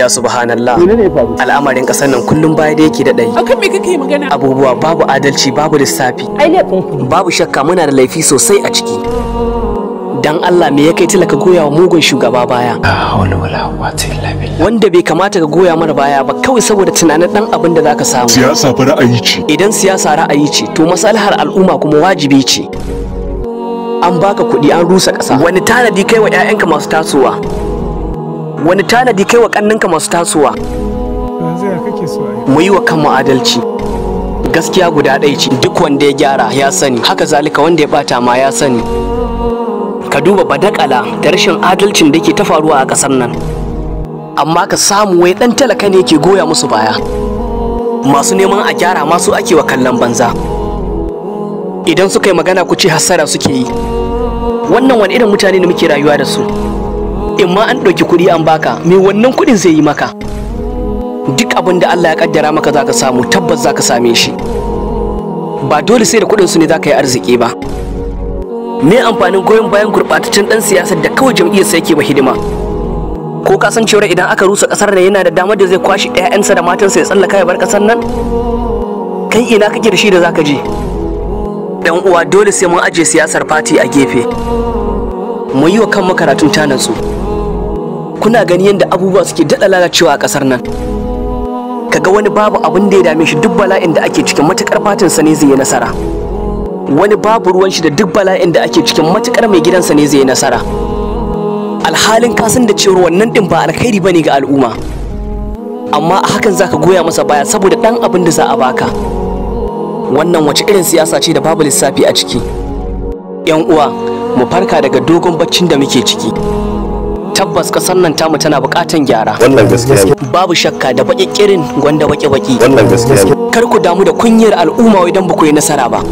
ya subhanallah al'amarin kasar nan kullum baya da yake daɗai. akan me magana abubuwa babu adalci babu lissafi babu shakka muna da laifi sosai a ciki dan Allah me ya kai talaka goya wa mugun shugaba baya wanda bai kamata ka goya mana baya ba kawai saboda tunanin dan abin da zaka samu siyasa fa ra'ayi ce idan siyasa ra'ayi ce to masalhar al'umma kuma wajibi ce an baka kuɗi an rusa ƙasa wani tanadi kai wa 'ya'yanka masu tasowa wani tanadi kai wa kanninka masu tasowa mu yi wa kanmu adalci gaskiya guda ɗaya ce duk wanda ya gyara ya sani haka zalika wanda ya bata ma ya sani ka duba badakala da rashin adalcin da ke ta faruwa a ƙasar nan amma ka samu wai ɗan talaka ne ke goya musu baya masu neman a gyara masu ake wa kallon banza idan suka yi magana ku ce hasara suke yi wannan wani irin mutane ne muke rayuwa da su in ma an ɗauki kuɗi an baka me wannan kuɗin zai yi maka duk abin da Allah ya kaddara maka zaka samu tabbas zaka same shi ba dole sai da kuɗin su ne zaka yi arziki ba me amfanin goyon bayan gurɓataccen ɗan siyasar da kawai jam'iyyar sa yake ba hidima ko ka san cewa idan aka rusa ƙasar da yana da damar da zai kwashi ƴaƴansa da matansa ya tsallaka ya bar ƙasar nan kai ina kake da shi da zaka je dan uwa dole sai mun aje siyasar fati a gefe mu yi wa kanmu karatun su kuna gani yadda abubuwa suke daɗa lalacewa a ƙasar nan kaga wani babu abin da ya dame shi duk bala'in da ake cikin matukar fatan sa ne zai yi nasara wani babu ruwan shi da duk bala'in da ake cikin matukar mai gidansa ne zai yi nasara alhalin kasan da cewar wannan din ba alkhairi bane ga al'umma amma a hakan zaka goya masa baya saboda ɗan abin da za a baka wannan wace irin siyasa ce da babu lissafi a ciki yan uwa mu farka daga dogon baccin da muke ciki tabbas kasar nan tamu tana bukatan gyara wannan gaskiya babu shakka da baki kirin gwanda baki baki wannan gaskiya kar ku damu da kunyar al'umma idan ba ku yi nasara ba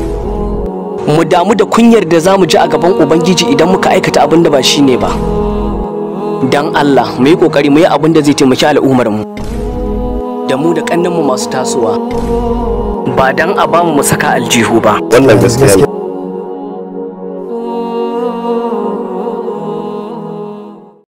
mu damu da kunyar da zamu ji a gaban ubangiji idan muka aikata abin da ba shi ne ba dan Allah mu yi kokari mu yi abin da zai taimaki al'ummar mu da mu da mu masu tasowa ba dan a bamu mu saka aljihu ba wannan gaskiya